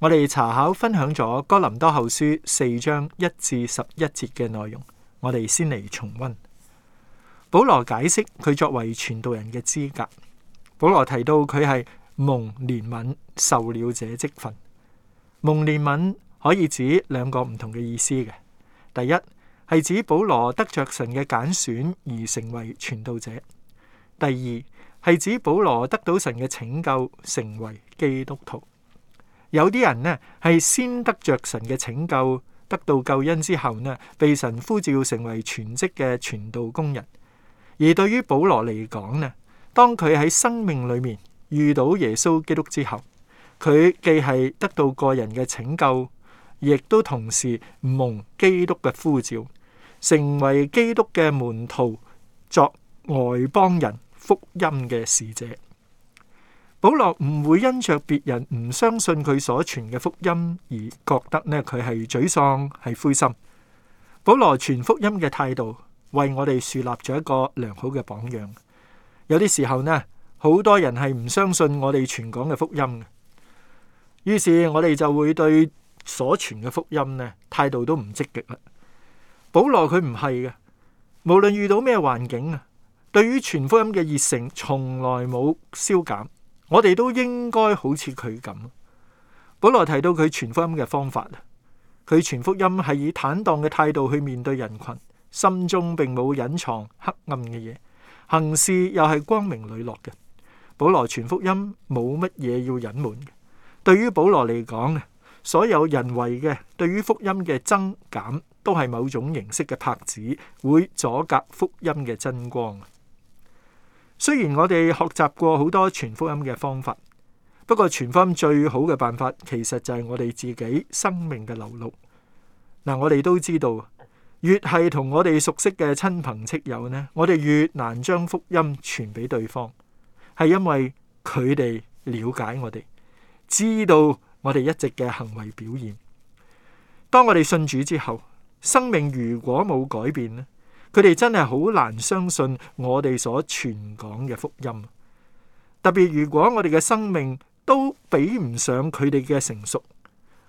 我哋查考分享咗哥林多後書四章一至十一節嘅內容，我哋先嚟重溫保羅解釋佢作為傳道人嘅資格。保羅提到佢係蒙憐憫受了這職份，蒙憐憫可以指兩個唔同嘅意思嘅。第一係指保羅得着神嘅揀選而成為傳道者；第二係指保羅得到神嘅拯救，成為基督徒。有啲人呢，係先得着神嘅拯救，得到救恩之後呢，被神呼召成為全職嘅傳道工人。而對於保羅嚟講呢，當佢喺生命裏面遇到耶穌基督之後，佢既係得到個人嘅拯救，亦都同時蒙基督嘅呼召，成為基督嘅門徒，作外邦人福音嘅使者。保羅唔會因着別人唔相信佢所傳嘅福音而覺得呢，佢係沮喪、係灰心。保羅傳福音嘅態度為我哋樹立咗一個良好嘅榜樣。有啲時候呢，好多人係唔相信我哋傳講嘅福音，於是我哋就會對所傳嘅福音呢態度都唔積極啦。保羅佢唔係嘅，無論遇到咩環境啊，對於傳福音嘅熱誠從來冇消減。我哋都應該好似佢咁。保羅提到佢傳福音嘅方法，佢傳福音係以坦蕩嘅態度去面對人群，心中並冇隱藏黑暗嘅嘢，行事又係光明磊落嘅。保羅傳福音冇乜嘢要隱瞞嘅。對於保羅嚟講，所有人為嘅對於福音嘅增減，都係某種形式嘅拍子，會阻隔福音嘅真光。雖然我哋學習過好多傳福音嘅方法，不過傳福音最好嘅辦法，其實就係我哋自己生命嘅流露。嗱，我哋都知道，越係同我哋熟悉嘅親朋戚友呢，我哋越難將福音傳俾對方，係因為佢哋了解我哋，知道我哋一直嘅行為表現。當我哋信主之後，生命如果冇改變呢？佢哋真係好難相信我哋所傳講嘅福音，特別如果我哋嘅生命都比唔上佢哋嘅成熟，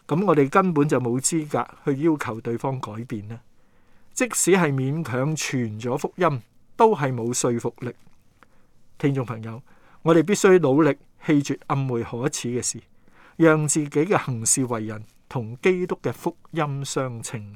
咁我哋根本就冇資格去要求對方改變啦。即使係勉強傳咗福音，都係冇說服力。聽眾朋友，我哋必須努力棄絕暗昧可恥嘅事，讓自己嘅行事為人，同基督嘅福音相稱。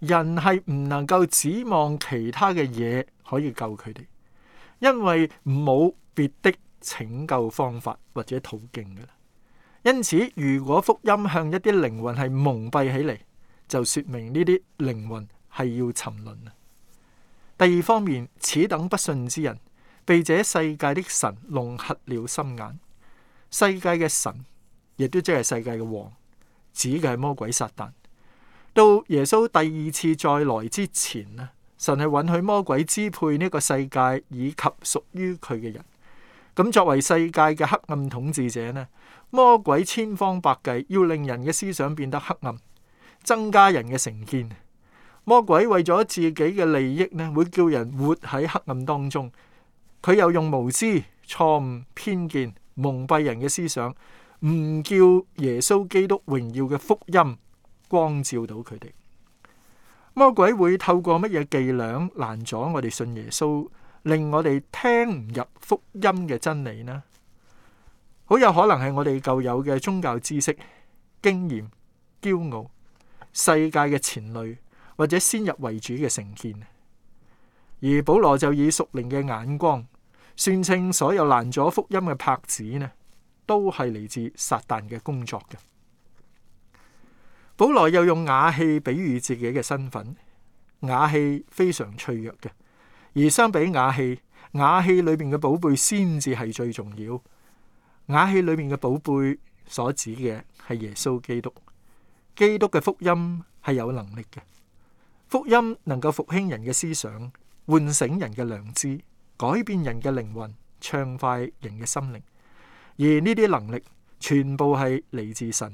人係唔能夠指望其他嘅嘢可以救佢哋，因為冇別的拯救方法或者途徑噶啦。因此，如果福音向一啲靈魂係蒙蔽起嚟，就說明呢啲靈魂係要沉淪啦。第二方面，此等不信之人被這世界的神弄瞎了心眼，世界嘅神亦都即係世界嘅王，指嘅係魔鬼撒旦。到耶穌第二次再來之前呢，神係允許魔鬼支配呢個世界以及屬於佢嘅人。咁作為世界嘅黑暗統治者呢，魔鬼千方百計要令人嘅思想變得黑暗，增加人嘅成見。魔鬼為咗自己嘅利益呢，會叫人活喺黑暗當中。佢又用無知、錯誤、偏見蒙蔽人嘅思想，唔叫耶穌基督榮耀嘅福音光照到佢哋，魔鬼會透過乜嘢伎倆攔阻我哋信耶穌，令我哋聽唔入福音嘅真理呢？好有可能係我哋舊有嘅宗教知識、經驗、驕傲、世界嘅前累或者先入為主嘅成見。而保羅就以屬靈嘅眼光，宣稱所有攔阻福音嘅拍子呢，都係嚟自撒旦嘅工作嘅。保羅又用瓦器比喻自己嘅身份，瓦器非常脆弱嘅，而相比瓦器，瓦器裏面嘅寶貝先至係最重要。瓦器裏面嘅寶貝所指嘅係耶穌基督，基督嘅福音係有能力嘅，福音能夠復興人嘅思想，喚醒人嘅良知，改變人嘅靈魂，暢快人嘅心靈，而呢啲能力全部係嚟自神。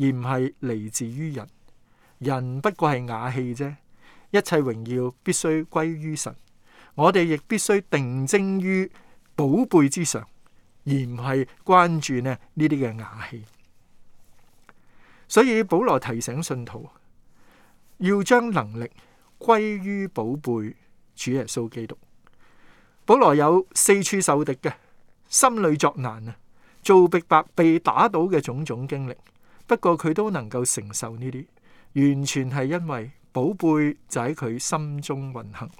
而唔係嚟自於人，人不過係瓦器啫。一切榮耀必須歸於神，我哋亦必須定睛於寶貝之上，而唔係關注呢呢啲嘅瓦器。所以保羅提醒信徒，要將能力歸於寶貝主耶穌基督。保羅有四處受敵嘅，心裏作難啊，遭逼迫被打倒嘅種種經歷。不過佢都能夠承受呢啲，完全係因為寶貝就喺佢心中運行。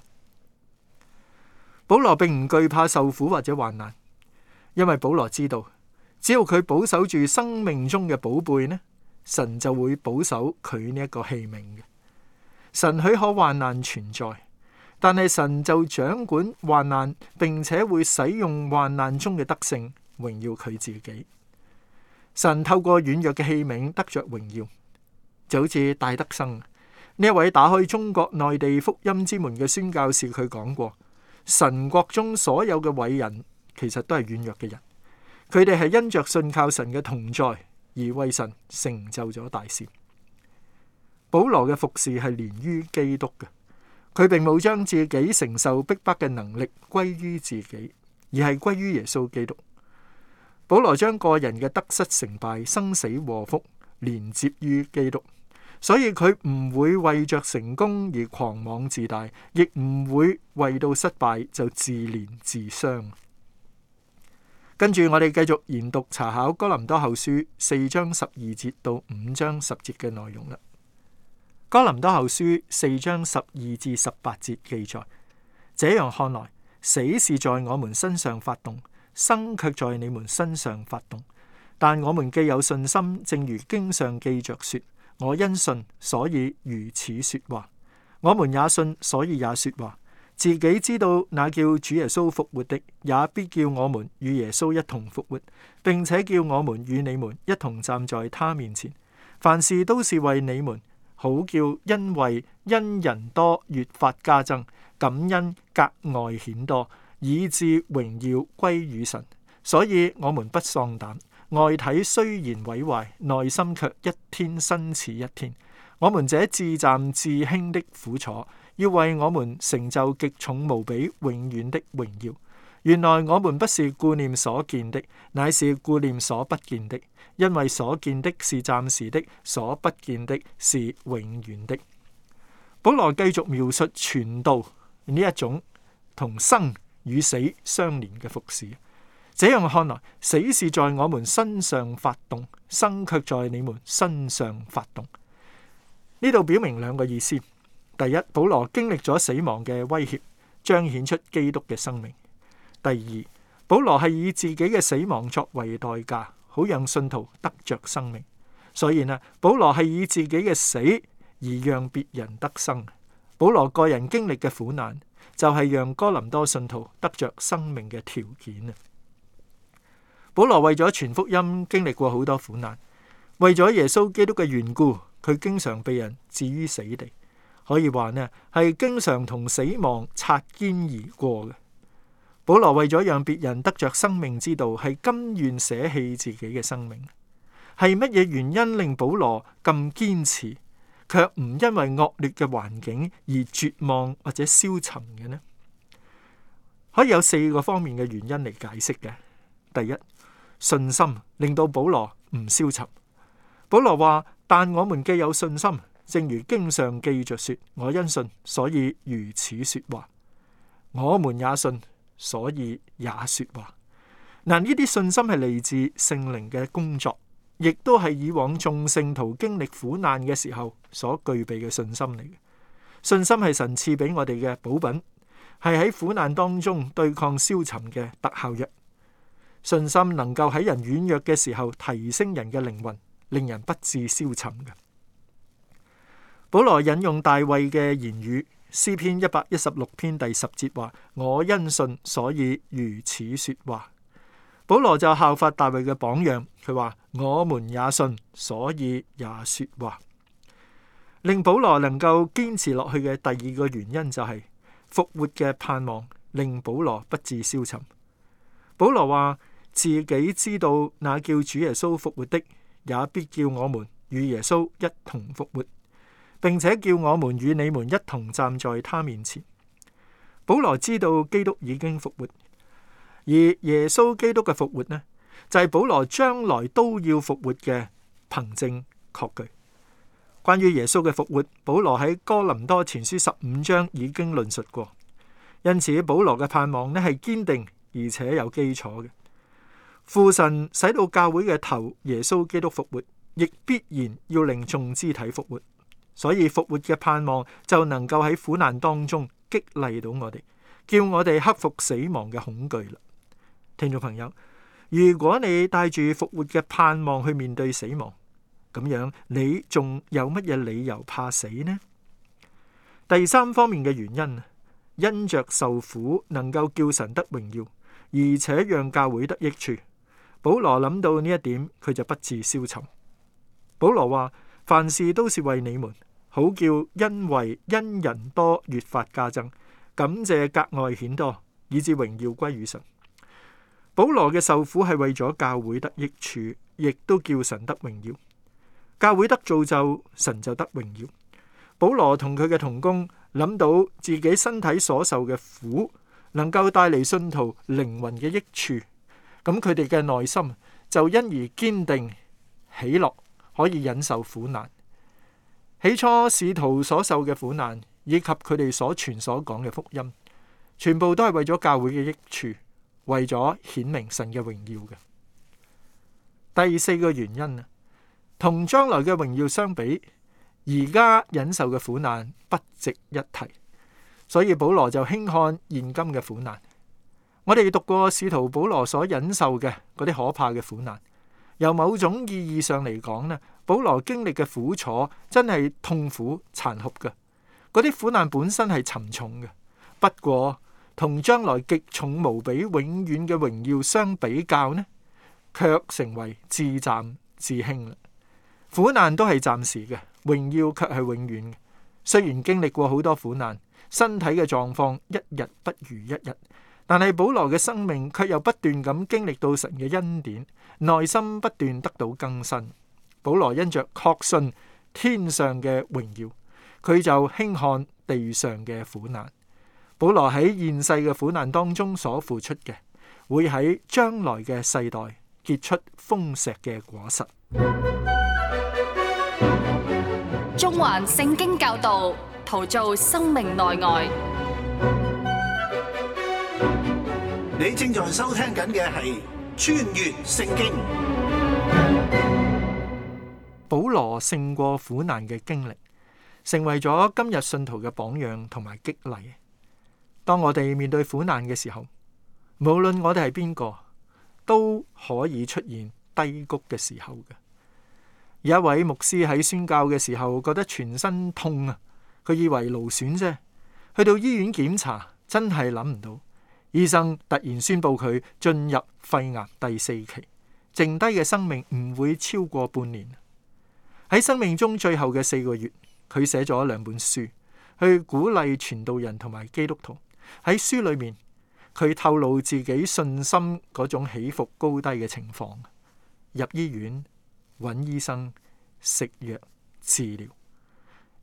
保羅並唔懼怕受苦或者患難，因為保羅知道，只要佢保守住生命中嘅寶貝呢，神就會保守佢呢一個器皿嘅。神許可患難存在，但係神就掌管患難，並且會使用患難中嘅德性榮耀佢自己。神透過軟弱嘅器皿得着榮耀，就好似戴德生呢位打開中國內地福音之門嘅宣教士，佢講過：神國中所有嘅偉人，其實都係軟弱嘅人，佢哋係因着信靠神嘅同在而為神成就咗大事。保羅嘅服侍係連於基督嘅，佢並冇將自己承受逼迫嘅能力歸於自己，而係歸於耶穌基督。保羅將個人嘅得失、成敗、生死和、禍福連接於基督，所以佢唔會為着成功而狂妄自大，亦唔會為到失敗就自憐自傷。跟住我哋繼續研讀查考哥林多後書四章十二節到五章十節嘅內容啦。哥林多後書四章十二至十八節記載：這樣看來，死是在我們身上發動。生卻在你們身上發動，但我們既有信心，正如經上記着說，我因信所以如此說話。我們也信，所以也說話。自己知道那叫主耶穌復活的，也必叫我們與耶穌一同復活，並且叫我們與你們一同站在他面前。凡事都是為你們，好叫因為因人多越發加增，感恩格外顯多。以致榮耀歸於神，所以我們不喪膽。外體雖然毀壞，內心卻一天新似一天。我們這至暫至輕的苦楚，要為我們成就極重無比、永遠的榮耀。原來我們不是顧念所見的，乃是顧念所不見的，因為所見的是暫時的，所不見的是永遠的。保羅繼續描述傳道呢一種同生。與死相連嘅服侍，這樣看來，死是在我們身上發動，生卻在你們身上發動。呢度表明兩個意思：第一，保羅經歷咗死亡嘅威脅，彰顯出基督嘅生命；第二，保羅係以自己嘅死亡作為代價，好讓信徒得着生命。所以呢，保羅係以自己嘅死而讓別人得生。保羅個人經歷嘅苦難。就係讓哥林多信徒得着生命嘅條件啊！保羅為咗傳福音，經歷過好多苦難，為咗耶穌基督嘅緣故，佢經常被人置於死地，可以話呢係經常同死亡擦肩而過嘅。保羅為咗讓別人得着生命之道，係甘願捨棄自己嘅生命。係乜嘢原因令保羅咁堅持？卻唔因為惡劣嘅環境而絕望或者消沉嘅呢？可以有四個方面嘅原因嚟解釋嘅。第一，信心令到保羅唔消沉。保羅話：但我們既有信心，正如經常記着說，我因信所以如此說話。我們也信，所以也說話。嗱，呢啲信心係嚟自聖靈嘅工作。亦都係以往眾聖徒經歷苦難嘅時候所具備嘅信心嚟嘅。信心係神賜俾我哋嘅寶品，係喺苦難當中對抗消沉嘅特效藥。信心能夠喺人軟弱嘅時候提升人嘅靈魂，令人不至消沉嘅。保羅引用大衛嘅言語，詩篇一百一十六篇第十節話：我因信所以如此說話。保羅就效法大衛嘅榜樣，佢話我們也信，所以也說話，令保羅能夠堅持落去嘅第二個原因就係、是、復活嘅盼望，令保羅不至消沉。保羅話自己知道那叫主耶穌復活的，也必叫我們與耶穌一同復活，並且叫我們與你們一同站在他面前。保羅知道基督已經復活。而耶穌基督嘅復活呢，就係保羅將來都要復活嘅憑證確據。關於耶穌嘅復活，保羅喺哥林多前書十五章已經論述過，因此保羅嘅盼望呢係堅定而且有基礎嘅。父神使到教會嘅頭耶穌基督復活，亦必然要令眾肢體復活，所以復活嘅盼望就能夠喺苦難當中激勵到我哋，叫我哋克服死亡嘅恐懼。聽眾朋友，如果你帶住復活嘅盼望去面對死亡，咁樣你仲有乜嘢理由怕死呢？第三方面嘅原因，因着受苦能夠叫神得榮耀，而且讓教會得益處。保羅諗到呢一點，佢就不自消沉。保羅話：凡事都是為你們，好叫恩惠因人多越發加增，感謝格外顯多，以致榮耀歸於神。保羅嘅受苦係為咗教會得益處，亦都叫神得榮耀。教會得造就，神就得榮耀。保羅同佢嘅同工諗到自己身體所受嘅苦，能夠帶嚟信徒靈魂嘅益處，咁佢哋嘅內心就因而堅定喜樂，可以忍受苦難。起初使徒所受嘅苦難，以及佢哋所傳所講嘅福音，全部都係為咗教會嘅益處。為咗顯明神嘅榮耀嘅，第四個原因啊，同將來嘅榮耀相比，而家忍受嘅苦難不值一提，所以保羅就輕看現今嘅苦難。我哋讀過使徒保羅所忍受嘅嗰啲可怕嘅苦難，由某種意義上嚟講呢，保羅經歷嘅苦楚真係痛苦殘酷嘅，嗰啲苦難本身係沉重嘅，不過。同將來極重無比、永遠嘅榮耀相比較呢，卻成為至暫至輕啦。苦難都係暫時嘅，榮耀卻係永遠嘅。雖然經歷過好多苦難，身體嘅狀況一日不如一日，但係保羅嘅生命卻又不斷咁經歷到神嘅恩典，內心不斷得到更新。保羅因着確信天上嘅榮耀，佢就輕看地上嘅苦難。保羅喺現世嘅苦難當中所付出嘅，會喺將來嘅世代結出豐碩嘅果實。中環聖經教導，陶造生命內外。你正在收聽緊嘅係穿越聖經。保羅勝過苦難嘅經歷，成為咗今日信徒嘅榜樣同埋激勵。當我哋面對苦難嘅時候，無論我哋係邊個，都可以出現低谷嘅時候嘅。有一位牧師喺宣教嘅時候，覺得全身痛啊，佢以為勞損啫。去到醫院檢查，真係諗唔到，醫生突然宣布佢進入肺癌第四期，剩低嘅生命唔會超過半年。喺生命中最後嘅四個月，佢寫咗兩本書，去鼓勵傳道人同埋基督徒。喺書裏面，佢透露自己信心嗰種起伏高低嘅情況。入醫院揾醫生食藥治療，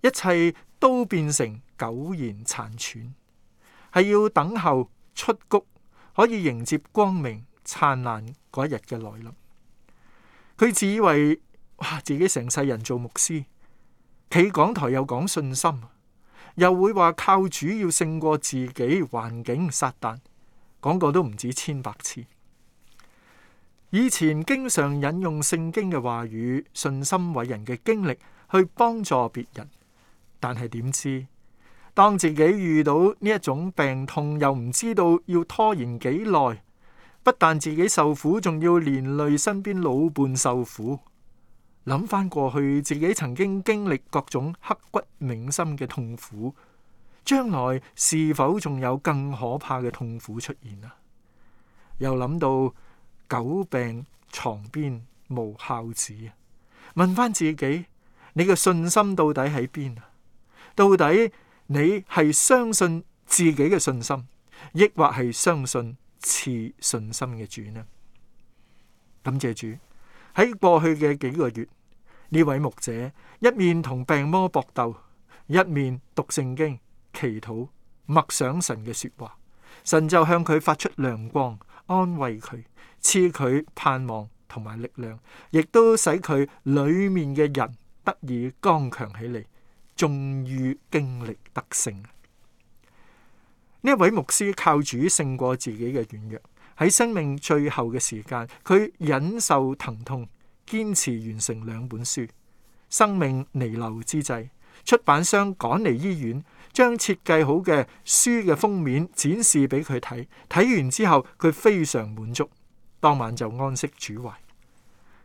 一切都變成苟延殘喘，係要等候出谷可以迎接光明燦爛嗰一日嘅來臨。佢自以為哇，自己成世人做牧師，企講台又講信心。又會話靠主要勝過自己環境撒旦，講過都唔止千百次。以前經常引用聖經嘅話語、信心偉人嘅經歷去幫助別人，但係點知當自己遇到呢一種病痛，又唔知道要拖延幾耐，不但自己受苦，仲要連累身邊老伴受苦。諗翻過去自己曾經經歷各種刻骨銘心嘅痛苦，將來是否仲有更可怕嘅痛苦出現啊？又諗到久病床邊無孝子，問翻自己：你嘅信心到底喺邊啊？到底你係相信自己嘅信心，抑或係相信賜信心嘅主呢？感謝主喺過去嘅幾個月。呢位牧者一面同病魔搏鬥，一面讀聖經、祈禱、默想神嘅說話，神就向佢發出亮光，安慰佢，賜佢盼望同埋力量，亦都使佢裏面嘅人得以剛強起嚟，終於經歷得勝。呢位牧師靠主勝過自己嘅軟弱，喺生命最後嘅時間，佢忍受疼痛。堅持完成兩本書，生命彌留之際，出版商趕嚟醫院，將設計好嘅書嘅封面展示俾佢睇。睇完之後，佢非常滿足，當晚就安息主懷。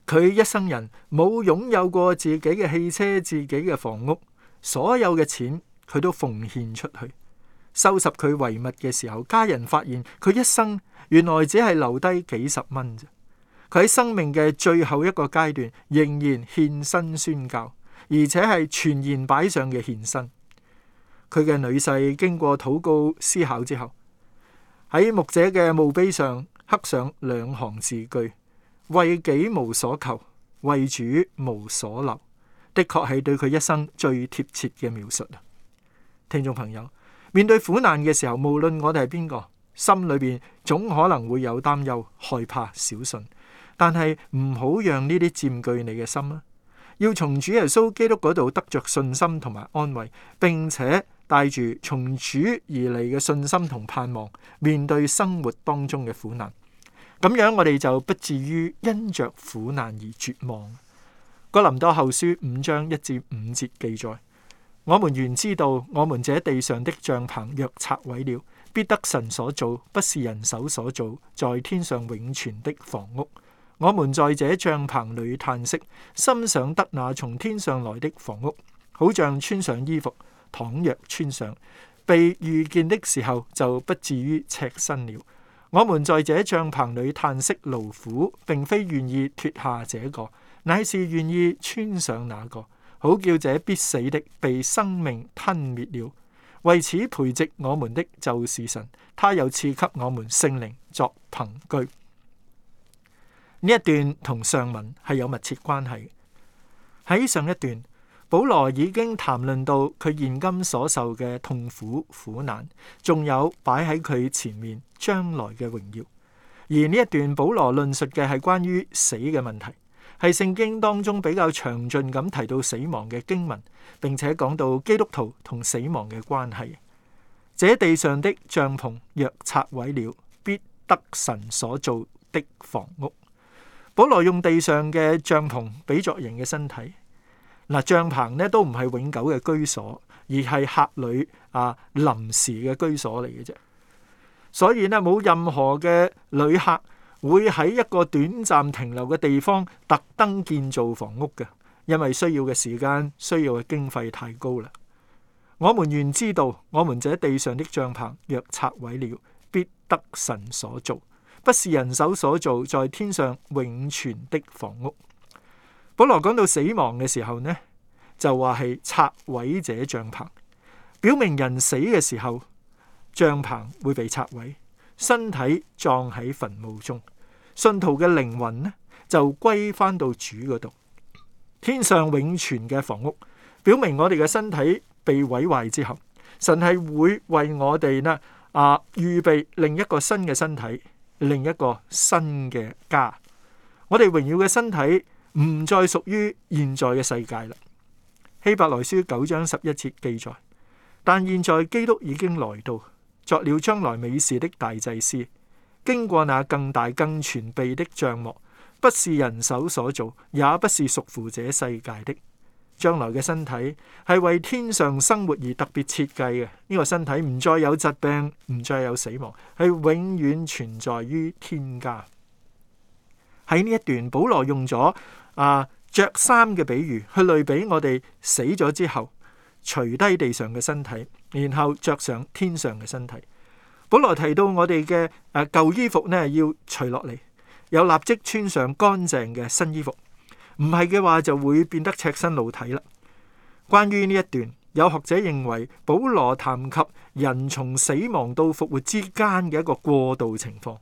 佢一生人冇擁有過自己嘅汽車、自己嘅房屋，所有嘅錢佢都奉獻出去。收拾佢遺物嘅時候，家人發現佢一生原來只係留低幾十蚊。佢喺生命嘅最後一個階段，仍然獻身宣教，而且係全然擺上嘅獻身。佢嘅女婿經過禱告思考之後，喺牧者嘅墓碑上刻上兩行字句：為己無所求，為主無所留。的確係對佢一生最貼切嘅描述啊！聽眾朋友，面對苦難嘅時候，無論我哋係邊個，心裏邊總可能會有擔憂、害怕、小信。但係唔好讓呢啲佔據你嘅心啊！要從主耶穌基督嗰度得着信心同埋安慰，並且帶住從主而嚟嘅信心同盼望，面對生活當中嘅苦難。咁樣我哋就不至於因着苦難而絕望。《哥林多後書》五章一至五節記載：我們原知道，我們這地上的帳篷若拆毀了，必得神所造，不是人手所造，在天上永存的房屋。我們在這帳篷裏嘆息，心想得那從天上來的房屋，好像穿上衣服。倘若穿上，被遇見的時候就不至於赤身了。我們在這帳篷裏嘆息勞苦，並非願意脫下這個，乃是願意穿上那個，好叫這必死的被生命吞滅了。為此培植我們的就是神，他又賜給我們聖靈作憑據。呢一段同上文係有密切關係。喺上一段，保羅已經談論到佢現今所受嘅痛苦苦難，仲有擺喺佢前面將來嘅榮耀。而呢一段保羅論述嘅係關於死嘅問題，係聖經當中比較詳盡咁提到死亡嘅經文，並且講到基督徒同死亡嘅關係。這地上的帳篷若拆毀了，必得神所造的房屋。保羅用地上嘅帳篷比作人嘅身體，嗱帳篷呢都唔係永久嘅居所，而係客旅啊，臨時嘅居所嚟嘅啫。所以呢，冇任何嘅旅客會喺一個短暫停留嘅地方特登建造房屋嘅，因為需要嘅時間、需要嘅經費太高啦。我們原知道，我們這地上的帳篷若拆毀了，必得神所造。不是人手所造，在天上永存的房屋。保羅講到死亡嘅時候呢，就話係拆毀者帳篷，表明人死嘅時候帳篷會被拆毀，身體葬喺墳墓中，信徒嘅靈魂呢就歸翻到主嗰度天上永存嘅房屋。表明我哋嘅身體被毀壞之後，神係會為我哋呢啊預備另一個新嘅身體。另一個新嘅家，我哋榮耀嘅身體唔再屬於現在嘅世界啦。希伯來書九章十一節記載，但現在基督已經來到，作了將來美事的大祭司，經過那更大更全備的帳幕，不是人手所造，也不是屬乎這世界的。將來嘅身體係為天上生活而特別設計嘅，呢、這個身體唔再有疾病，唔再有死亡，係永遠存在於天家。喺呢一段，保羅用咗啊、呃、着衫嘅比喻去類比我哋死咗之後，除低地上嘅身體，然後着上天上嘅身體。保羅提到我哋嘅誒舊衣服呢，要除落嚟，又立即穿上乾淨嘅新衣服。唔係嘅話就會變得赤身露體啦。關於呢一段，有學者認為保羅談及人從死亡到復活之間嘅一個過渡情況。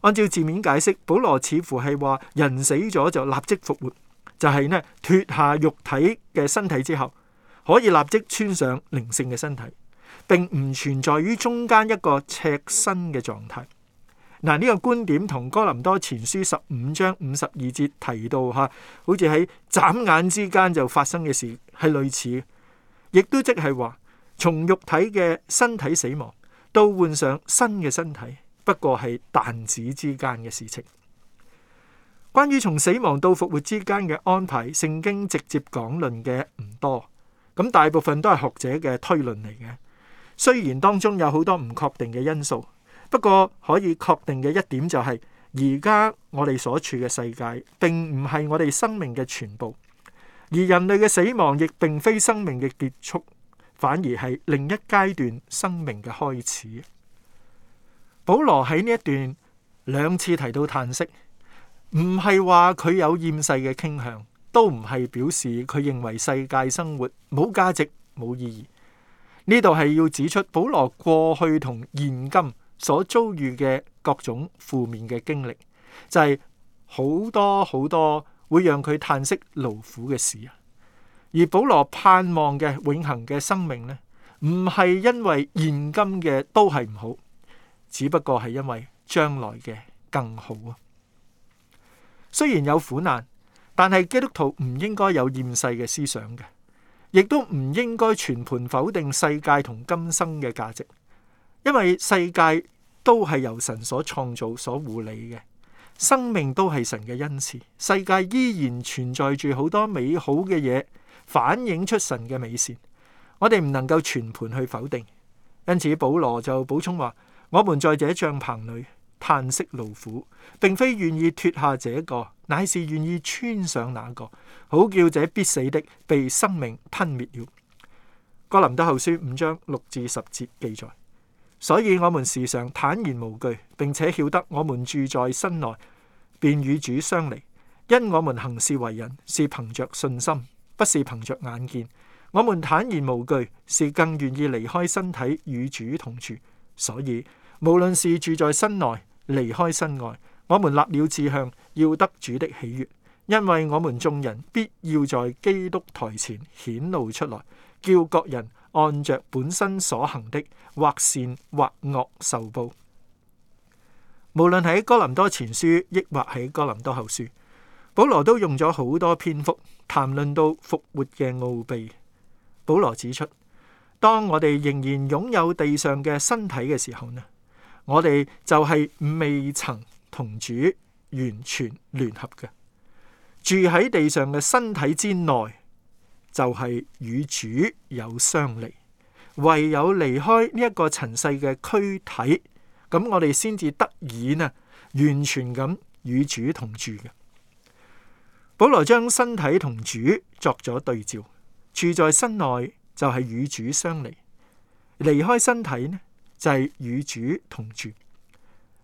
按照字面解釋，保羅似乎係話人死咗就立即復活，就係呢，脫下肉體嘅身體之後，可以立即穿上靈性嘅身體，並唔存在於中間一個赤身嘅狀態。嗱，呢個觀點同哥林多前書十五章五十二節提到嚇，好似喺眨眼之間就發生嘅事，係類似，亦都即係話從肉體嘅身體死亡到換上新嘅身體，不過係彈指之間嘅事情。關於從死亡到復活之間嘅安排，聖經直接講論嘅唔多，咁大部分都係學者嘅推論嚟嘅。雖然當中有好多唔確定嘅因素。不過可以確定嘅一點就係、是，而家我哋所處嘅世界，並唔係我哋生命嘅全部；而人類嘅死亡亦並非生命嘅結束，反而係另一階段生命嘅開始。保羅喺呢一段兩次提到嘆息，唔係話佢有厭世嘅傾向，都唔係表示佢認為世界生活冇價值、冇意義。呢度係要指出保羅過去同現今。所遭遇嘅各種負面嘅經歷，就係好多好多會讓佢嘆息勞苦嘅事啊！而保羅盼望嘅永恆嘅生命呢，唔係因為現今嘅都係唔好，只不過係因為將來嘅更好啊！雖然有苦難，但係基督徒唔應該有厭世嘅思想嘅，亦都唔應該全盤否定世界同今生嘅價值。因為世界都係由神所創造、所護理嘅，生命都係神嘅恩賜。世界依然存在住好多美好嘅嘢，反映出神嘅美善。我哋唔能夠全盤去否定，因此保羅就補充話：我們在這帳篷裏嘆息勞苦，並非願意脫下這個，乃是願意穿上那個，好叫者必死的被生命吞滅了。哥林多後書五章六至十節記載。所以，我們時常坦然無懼，並且曉得我們住在身內，便與主相離。因我們行事為人是憑著信心，不是憑着眼見。我們坦然無懼，是更願意離開身體與主同住。所以，無論是住在身內，離開身外，我們立了志向，要得主的喜悅，因為我們眾人必要在基督台前顯露出來，叫各人。按着本身所行的，或善或惡受報。無論喺哥林多前書，抑或喺哥林多後書，保羅都用咗好多篇幅談論到復活嘅奧秘。保羅指出，當我哋仍然擁有地上嘅身體嘅時候呢，我哋就係未曾同主完全聯合嘅，住喺地上嘅身體之內。就係與主有相離，唯有離開呢一個塵世嘅軀體，咁我哋先至得以啊完全咁與主同住嘅。保羅將身體同主作咗對照，住在身內就係與主相離，離開身體呢就係、是、與主同住。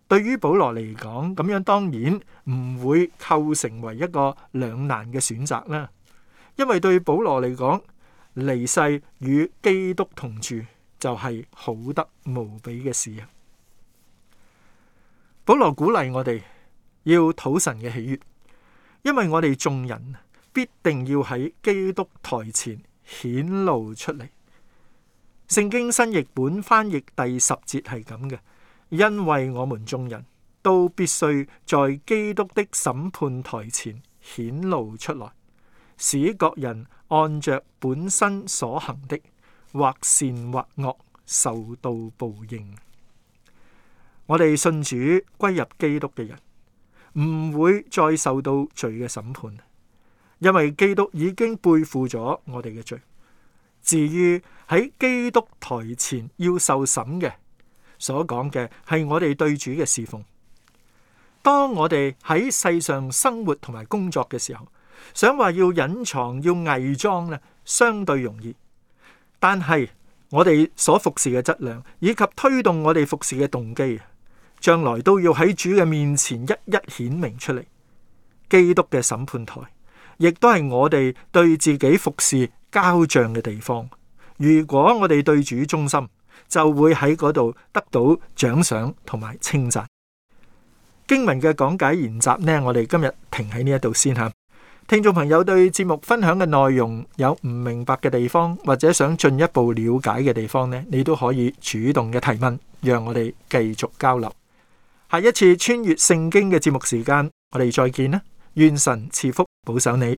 對於保羅嚟講，咁樣當然唔會構成為一個兩難嘅選擇啦。因為對保羅嚟講，離世與基督同住就係好得無比嘅事啊！保羅鼓勵我哋要討神嘅喜悦，因為我哋眾人必定要喺基督台前顯露出嚟。聖經新譯本翻譯第十節係咁嘅：「因為我們眾人都必須在基督的審判台前顯露出來。」使各人按着本身所行的，或善或惡，受到報應。我哋信主歸入基督嘅人，唔會再受到罪嘅審判，因為基督已經背負咗我哋嘅罪。至於喺基督台前要受審嘅，所講嘅係我哋對主嘅侍奉。當我哋喺世上生活同埋工作嘅時候，想話要隱藏、要偽裝咧，相對容易。但係我哋所服侍嘅質量以及推動我哋服侍嘅動機啊，將來都要喺主嘅面前一一顯明出嚟。基督嘅審判台，亦都係我哋對自己服侍交賬嘅地方。如果我哋對主忠心，就會喺嗰度得到獎賞同埋稱讚。經文嘅講解研習呢，我哋今日停喺呢一度先吓。聽眾朋友對節目分享嘅內容有唔明白嘅地方,或者想進一步了解嘅地方,呢你都可以主動嘅提問,讓我哋繼續交流。下一次穿越聖經嘅節目時間,我哋再見啦！願神賜福保守你。